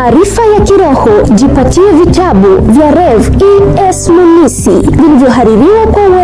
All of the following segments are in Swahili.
maarifa ya kiroho, jipatie vitabu vya Rev E S Munisi vilivyohaririwa kwa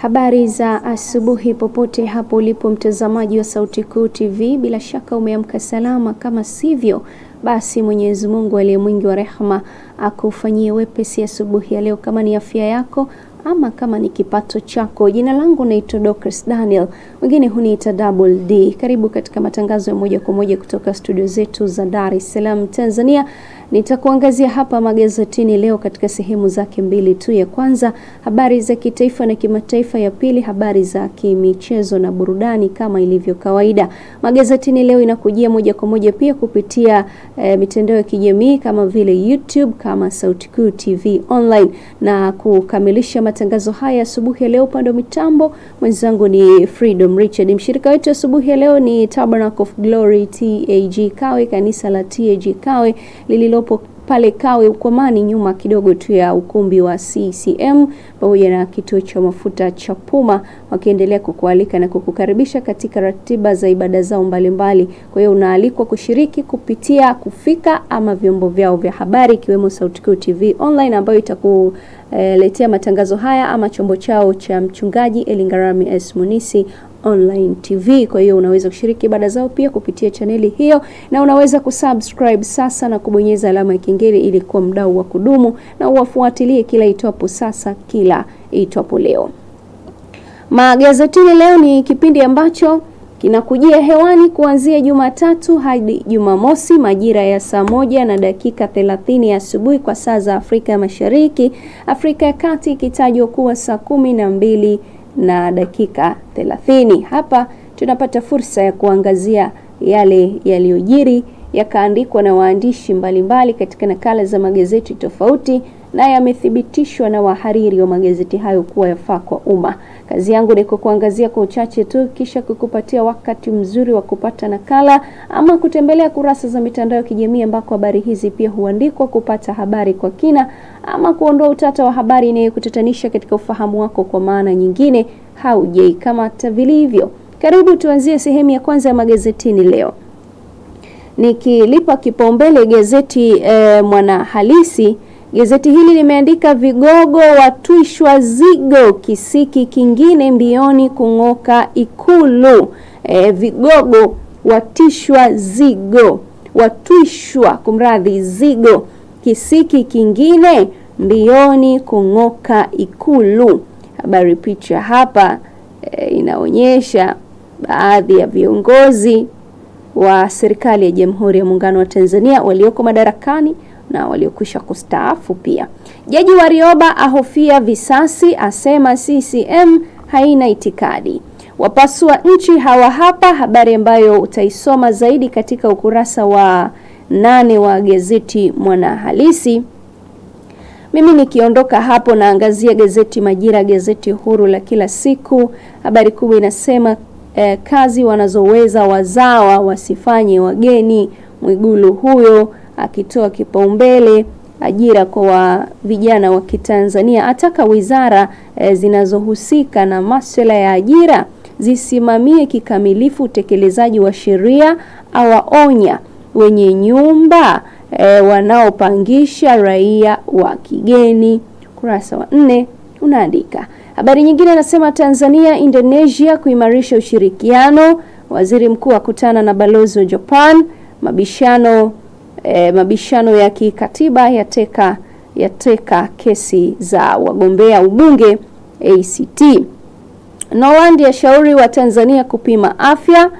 Habari za asubuhi popote hapo ulipo mtazamaji wa Sauti Kuu TV, bila shaka umeamka salama. Kama sivyo, basi Mwenyezi Mungu aliye mwingi wa rehema akufanyie wepesi asubuhi ya leo, kama ni afya yako ama kama ni kipato chako. Jina langu naitwa Dorcas Daniel, wengine huniita Double D. Karibu katika matangazo ya moja kwa moja kutoka studio zetu za Dar es Salaam, Tanzania. Nitakuangazia hapa magazetini leo katika sehemu zake mbili tu. Ya kwanza habari za kitaifa na kimataifa, ya pili habari za kimichezo na burudani kama ilivyo kawaida. Magazetini leo inakujia moja kwa moja pia kupitia e, mitandao ya kijamii kama vile YouTube kama Sauti Kuu TV online. Na kukamilisha matangazo haya asubuhi ya leo, upande wa mitambo mwenzangu ni Freedom Richard. Mshirika wetu asubuhi ya leo ni Tabernacle of Glory TAG Kawe, kanisa la TAG Kawe lililo iliyopo pale Kawe Ukwamani, nyuma kidogo tu ya ukumbi wa CCM pamoja na kituo cha mafuta cha Puma, wakiendelea kukualika na kukukaribisha katika ratiba za ibada zao mbalimbali. Kwa hiyo unaalikwa kushiriki kupitia kufika ama vyombo vyao vya habari ikiwemo Sautikuu TV online ambayo itaku e, letea matangazo haya ama chombo chao cha mchungaji Elingarami S Munisi Online TV. Kwa hiyo unaweza kushiriki ibada zao pia kupitia chaneli hiyo, na unaweza kusubscribe sasa na kubonyeza alama ya kengele ili kuwa mdau wa kudumu na uwafuatilie kila itwapo sasa, kila itwapo leo. Magazetini leo ni kipindi ambacho kinakujia hewani kuanzia Jumatatu hadi Jumamosi majira ya saa moja na dakika 30 asubuhi kwa saa za Afrika Mashariki, Afrika ya Kati ikitajwa kuwa saa kumi na mbili na dakika 30. Hapa tunapata fursa ya kuangazia yale yaliyojiri yakaandikwa na waandishi mbalimbali katika nakala za magazeti tofauti na yamethibitishwa na wahariri wa magazeti hayo kuwa yafaa kwa umma. Kazi yangu ni kukuangazia kwa uchache tu, kisha kukupatia wakati mzuri wa kupata nakala ama kutembelea kurasa za mitandao ya kijamii ambako habari hizi pia huandikwa, kupata habari kwa kina ama kuondoa utata wa habari inayokutatanisha katika ufahamu wako. Kwa maana nyingine, hata vilivyo. Karibu tuanzie sehemu ya kwanza ya magazetini leo nikilipa kipaumbele gazeti e, Mwanahalisi. Gazeti hili limeandika vigogo watwishwa zigo, kisiki kingine mbioni kung'oka Ikulu. E, vigogo watishwa zigo, watwishwa kumradhi, zigo, kisiki kingine mbioni kung'oka Ikulu. Habari picha hapa e, inaonyesha baadhi ya viongozi wa serikali ya Jamhuri ya Muungano wa Tanzania walioko madarakani na waliokwisha kustaafu pia. Jaji Warioba ahofia visasi, asema CCM haina itikadi. Wapasua nchi hawa hapa, habari ambayo utaisoma zaidi katika ukurasa wa nane wa gazeti Mwanahalisi. Mimi nikiondoka hapo naangazia gazeti Majira, gazeti huru la kila siku. Habari kubwa inasema e, kazi wanazoweza wazawa wasifanye wageni. Mwigulu huyo akitoa kipaumbele ajira kwa vijana wa Kitanzania, ataka wizara e, zinazohusika na masuala ya ajira zisimamie kikamilifu utekelezaji wa sheria. Awaonya wenye nyumba e, wanaopangisha raia wa kigeni. Kurasa wa nne unaandika Habari nyingine inasema Tanzania Indonesia kuimarisha ushirikiano, waziri mkuu akutana na balozi wa Japan, mabishano eh, mabishano ya kikatiba yateka yateka kesi za wagombea ubunge ACT. Noland yashauri wa Tanzania kupima afya.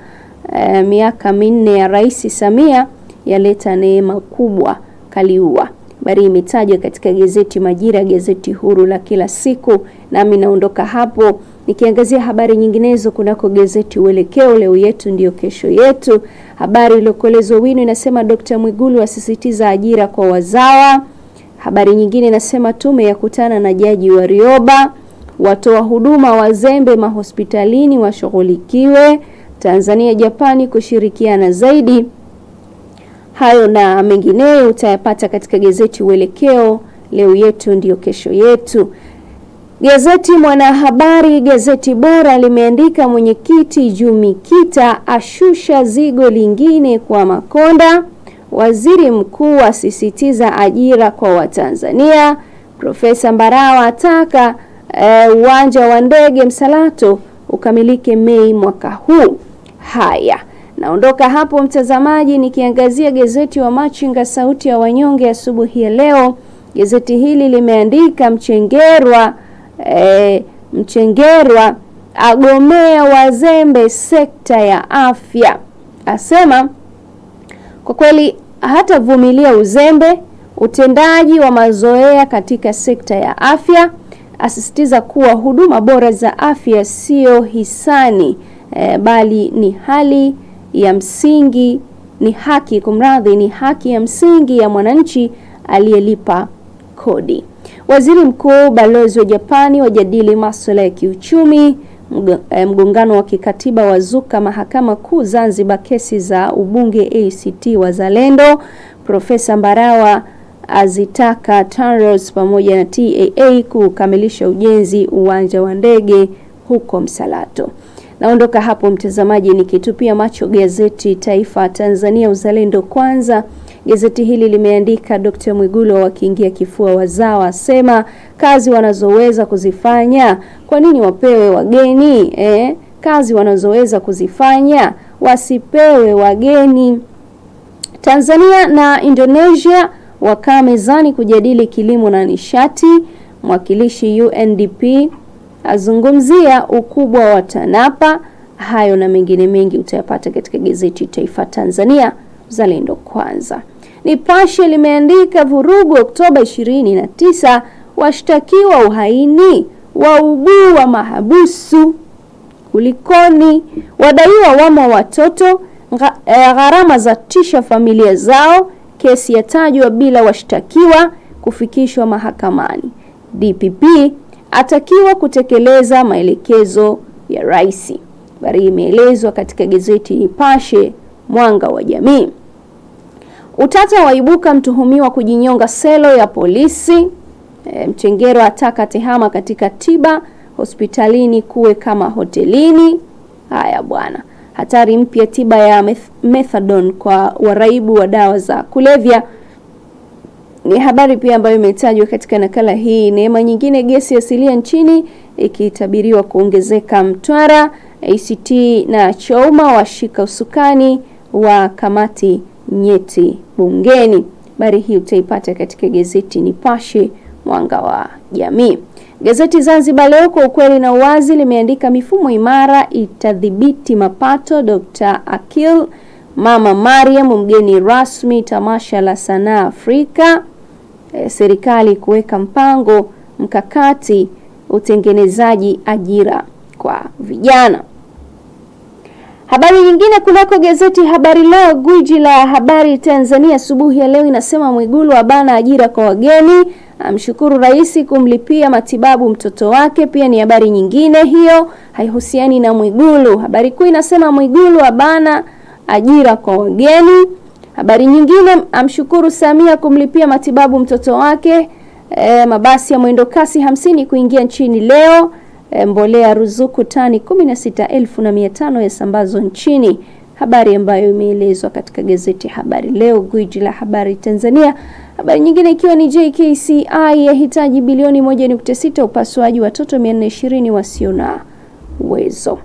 e, miaka minne ya Rais Samia yaleta neema kubwa Kaliua habari imetajwa katika gazeti Majira, gazeti huru la kila siku. Nami naondoka hapo nikiangazia habari nyinginezo kunako gazeti Uelekeo, leo yetu ndiyo kesho yetu. Habari iliyokolezwa wino inasema Dkt. Mwigulu asisitiza ajira kwa wazawa. Habari nyingine inasema tume ya kutana na Jaji Warioba, watoa huduma wazembe mahospitalini washughulikiwe. Tanzania Japani kushirikiana zaidi Hayo na mengineyo utayapata katika gazeti Uelekeo, leo yetu ndiyo kesho yetu. Gazeti Mwanahabari, gazeti bora, limeandika mwenyekiti Jumikita ashusha zigo lingine kwa Makonda. Waziri mkuu asisitiza ajira kwa Watanzania. Profesa Mbarawa ataka eh, uwanja e, wa ndege Msalato ukamilike Mei mwaka huu. Haya, Naondoka hapo mtazamaji, nikiangazia gazeti wa Machinga sauti ya wanyonge asubuhi ya, ya leo. Gazeti hili limeandika Mchengerwa e, Mchengerwa agomea wazembe sekta ya afya, asema kwa kweli hatavumilia uzembe utendaji wa mazoea katika sekta ya afya, asisitiza kuwa huduma bora za afya sio hisani e, bali ni hali ya msingi ni haki, kumradhi, ni haki ya msingi ya mwananchi aliyelipa kodi. Waziri Mkuu, balozi wa Japani wajadili masuala ya kiuchumi. Eh, mgongano wa kikatiba wazuka Mahakama Kuu Zanzibar, kesi za ubunge ACT Wazalendo. Profesa Mbarawa azitaka TANROADS pamoja na TAA kukamilisha ujenzi uwanja wa ndege huko Msalato. Naondoka hapo mtazamaji, nikitupia macho gazeti Taifa Tanzania Uzalendo Kwanza. Gazeti hili limeandika Dr. Mwigulu wakiingia kifua wazao asema kazi wanazoweza kuzifanya kwa nini wapewe wageni eh? Kazi wanazoweza kuzifanya wasipewe wageni. Tanzania na Indonesia wakaa mezani kujadili kilimo na nishati. Mwakilishi UNDP azungumzia ukubwa wa TANAPA. Hayo na mengine mengi utayapata katika gazeti Taifa Tanzania, zalendo Kwanza. Nipashe limeandika vurugu Oktoba 29, washtakiwa uhaini wauguu wa mahabusu kulikoni, wadaiwa wamo watoto, eh, gharama za tisha familia zao, kesi yatajwa bila washtakiwa kufikishwa mahakamani, DPP atakiwa kutekeleza maelekezo ya rais. Habari hii imeelezwa katika gazeti Nipashe Mwanga wa Jamii. Utata waibuka mtuhumiwa kujinyonga selo ya polisi. E, Mchengero ataka tehama katika tiba hospitalini kuwe kama hotelini. Haya bwana, hatari mpya tiba ya methadone kwa waraibu wa dawa za kulevya ni habari pia ambayo imetajwa katika nakala hii. Neema nyingine gesi asilia nchini ikitabiriwa kuongezeka Mtwara. ACT na Chauma washika usukani wa kamati nyeti bungeni. Habari hii utaipata katika gazeti Nipashe mwanga wa jamii. Gazeti Zanzibar Leo kwa ukweli na uwazi limeandika mifumo imara itadhibiti mapato. Dr. Akil Mama Mariam mgeni rasmi tamasha la sanaa Afrika e, serikali kuweka mpango mkakati utengenezaji ajira kwa vijana. Habari nyingine kunako gazeti Habari Leo, gwiji la habari Tanzania asubuhi ya leo inasema Mwigulu abana ajira kwa wageni, amshukuru rais kumlipia matibabu mtoto wake. Pia ni habari nyingine hiyo, haihusiani na Mwigulu. Habari kuu inasema Mwigulu abana ajira kwa wageni Habari nyingine, amshukuru Samia kumlipia matibabu mtoto wake. E, mabasi ya mwendo kasi hamsini kuingia nchini leo. E, mbolea ruzuku tani 16,500 yasambazwa nchini, habari ambayo imeelezwa katika gazeti Habari Leo, gwiji la habari Tanzania. Habari nyingine ikiwa ni JKCI yahitaji bilioni 1.6 upasuaji watoto 420 wasio na uwezo.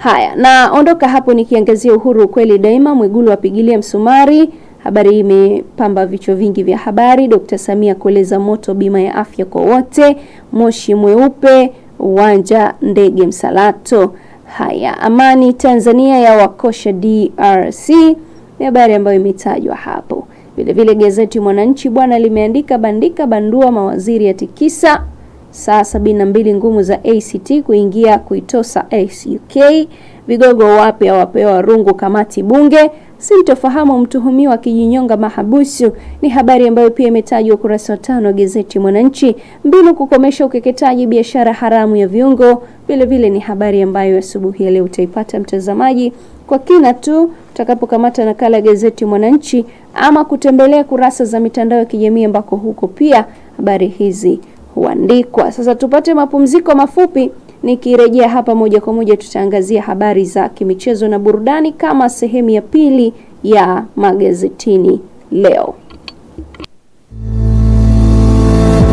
Haya, ondoka hapo nikiangazia Uhuru, ukweli daima. Mwigulu apigilia msumari. Habari hii imepamba vichwa vingi vya habari. Dr. Samia kueleza moto bima ya afya kwa wote. Moshi mweupe uwanja ndege Msalato. Haya, amani Tanzania ya wakosha DRC ni habari ambayo imetajwa hapo. Vilevile gazeti Mwananchi bwana limeandika bandika bandua mawaziri ya tikisa saa 72 ngumu za ACT kuingia kuitosa SUK. Vigogo wapya wapewa rungu kamati bunge. Sintofahamu mtuhumiwa kijinyonga mahabusu ni habari ambayo pia imetajwa ukurasa wa tano wa gazeti Mwananchi. Mbinu kukomesha ukeketaji biashara haramu ya viungo vile vile ni habari ambayo asubuhi ya leo utaipata mtazamaji kwa kina tu utakapokamata nakala ya gazeti Mwananchi ama kutembelea kurasa za mitandao ya kijamii ambako huko pia habari hizi huandikwa. Sasa tupate mapumziko mafupi. Nikirejea hapa moja kwa moja, tutaangazia habari za kimichezo na burudani kama sehemu ya pili ya magazetini leo.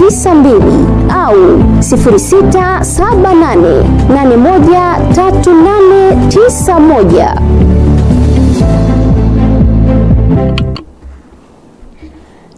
92 au moja.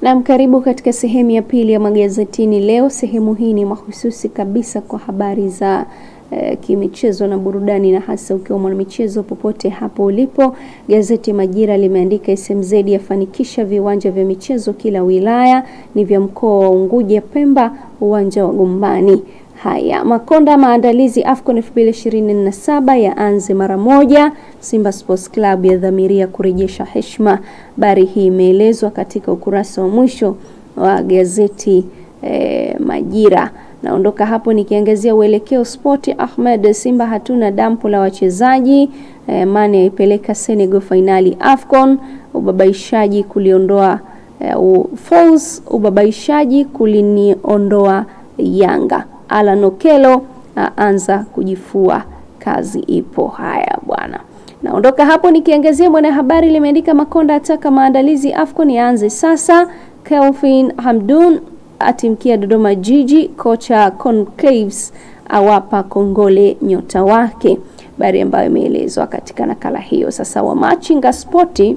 Naam, karibu katika sehemu ya pili ya magazetini leo. Sehemu hii ni mahususi kabisa kwa habari za Eh, kimichezo na burudani, na hasa ukiwa mwanamichezo popote hapo ulipo. Gazeti Majira limeandika SMZ yafanikisha viwanja vya michezo kila wilaya, ni vya mkoa wa Unguja, Pemba, uwanja wa Gombani. Haya, Makonda, maandalizi AFCON 2027 yaanze mara moja. Simba Sports Club yadhamiria kurejesha heshima. Habari hii imeelezwa katika ukurasa wa mwisho wa gazeti eh, Majira. Naondoka hapo nikiangazia uelekeo Sport Ahmed. Simba hatuna dampu la wachezaji. E, Mane yaipeleka Senegal fainali Afcon. Ubabaishaji kuliondoa e, eh, Falls. Ubabaishaji kuliniondoa Yanga. Alan Okelo aanza kujifua, kazi ipo. Haya bwana, naondoka hapo nikiangazia Mwanahabari limeandika Makonda ataka maandalizi Afcon yaanze sasa. Kelvin Hamdun atimkia Dodoma Jiji, kocha Concaves awapa kongole nyota wake, habari ambayo imeelezwa katika nakala hiyo. Sasa Wamachinga Spoti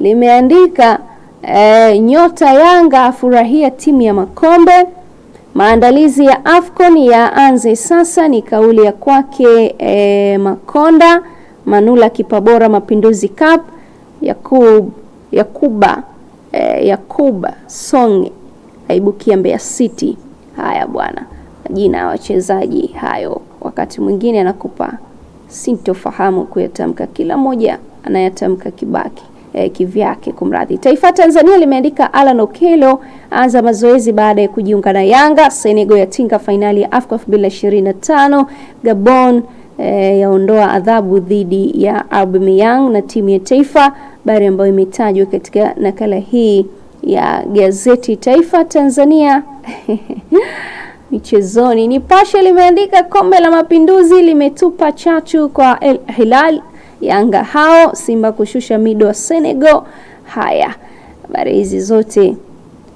limeandika e, nyota Yanga afurahia timu ya makombe maandalizi ya AFCON yaanze sasa, ni kauli ya kwake e, Makonda Manula, kipabora Mapinduzi Cup. Yakub, Yakuba, e, Yakuba Songe aibukia Mbeya City. Haya bwana, majina ya wachezaji hayo wakati mwingine anakupa sintofahamu kuyatamka, kila mmoja anayatamka kibaki eh, kivyake. Kumradhi. Taifa Tanzania limeandika Alan Okello anza mazoezi baada ya kujiunga na Yanga. Senegal yatinga fainali ya AFCON 2025. Gabon eh, yaondoa adhabu dhidi ya Aubameyang na timu ya taifa, bari ambayo imetajwa katika nakala hii ya gazeti Taifa Tanzania michezoni. Nipashe limeandika kombe la mapinduzi limetupa chachu kwa El Hilal, Yanga hao Simba kushusha mido wa Senegal. Haya, habari hizi zote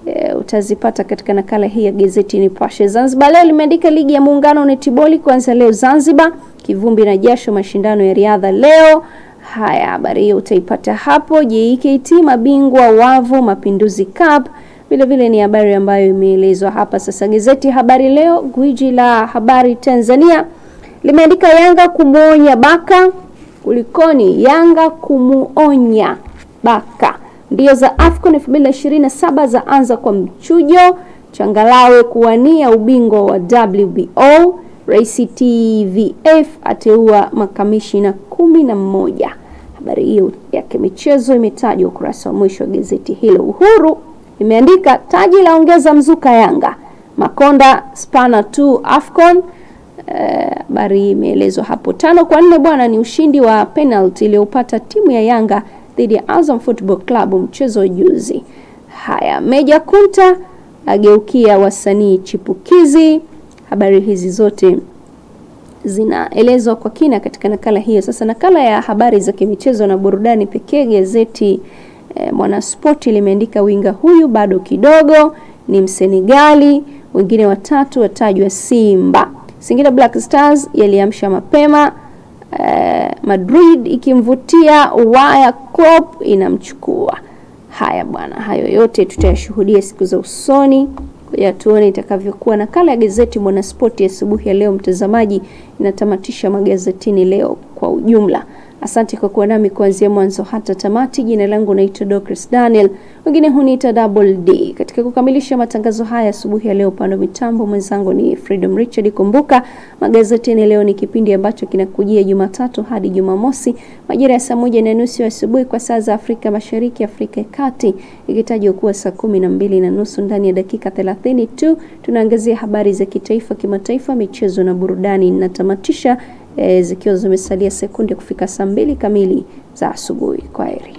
e, utazipata katika nakala hii ya gazeti Nipashe. Zanzibar leo limeandika ligi ya muungano netiboli kuanza leo Zanzibar, kivumbi na jasho mashindano ya riadha leo Haya, habari hiyo utaipata hapo JKT mabingwa wavu Mapinduzi Cup. Vile vile ni habari ambayo imeelezwa hapa sasa. Gazeti Habari Leo, gwiji la habari Tanzania, limeandika Yanga kumwonya Baka. Kulikoni? Yanga kumuonya Baka. Mbio za AFCON 2027 zaanza kwa mchujo. Changalawe kuwania ubingwa wa WBO. Rais TVF ateua makamishina kumi na mmoja. Habari hiyo yake michezo imetajwa ukurasa wa mwisho wa gazeti hilo. Uhuru imeandika taji la ongeza mzuka Yanga Makonda spana tu Afcon. Eh, habari uh, imeelezwa hapo. Tano kwa nne bwana, ni ushindi wa penalty iliyopata timu ya Yanga dhidi ya Azam Football Club mchezo juzi. Haya, Meja Kunta ageukia wasanii chipukizi habari hizi zote zinaelezwa kwa kina katika nakala hiyo. Sasa nakala ya habari za kimichezo na burudani pekee, gazeti e, Mwanaspoti limeandika winga huyu bado kidogo, ni Msenegali, wengine watatu watajwa Simba. Singida Black Stars yaliamsha mapema e, Madrid ikimvutia waya, Klopp inamchukua. Haya bwana, hayo yote tutayashuhudia siku za usoni ya tuone itakavyokuwa. Nakala ya gazeti Mwanaspoti asubuhi ya, ya leo mtazamaji inatamatisha magazetini leo kwa ujumla. Asante kwa kuwa nami kuanzia mwanzo hata tamati. Jina langu naitwa Dorcas Daniel, wengine huniita Double D. Katika kukamilisha matangazo haya asubuhi ya leo, upande wa mitambo mwenzangu ni Freedom Richard. Kumbuka magazetini leo ni kipindi ambacho kinakujia Jumatatu hadi Jumamosi majira ya saa moja na nusu asubuhi kwa saa za Afrika Mashariki, Afrika ya Kati, ikitajwa kuwa saa kumi na mbili na nusu. Ndani ya dakika 30 tu tunaangazia habari za kitaifa, kimataifa, michezo na burudani. Natamatisha e, zikiwa zimesalia sekunde kufika saa mbili kamili za asubuhi. Kwaheri.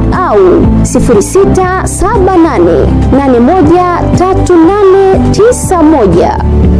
au 0678813891.